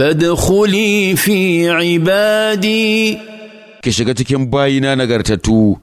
فادخلي في 'ibadi ki shiga cikin bayina nagartatu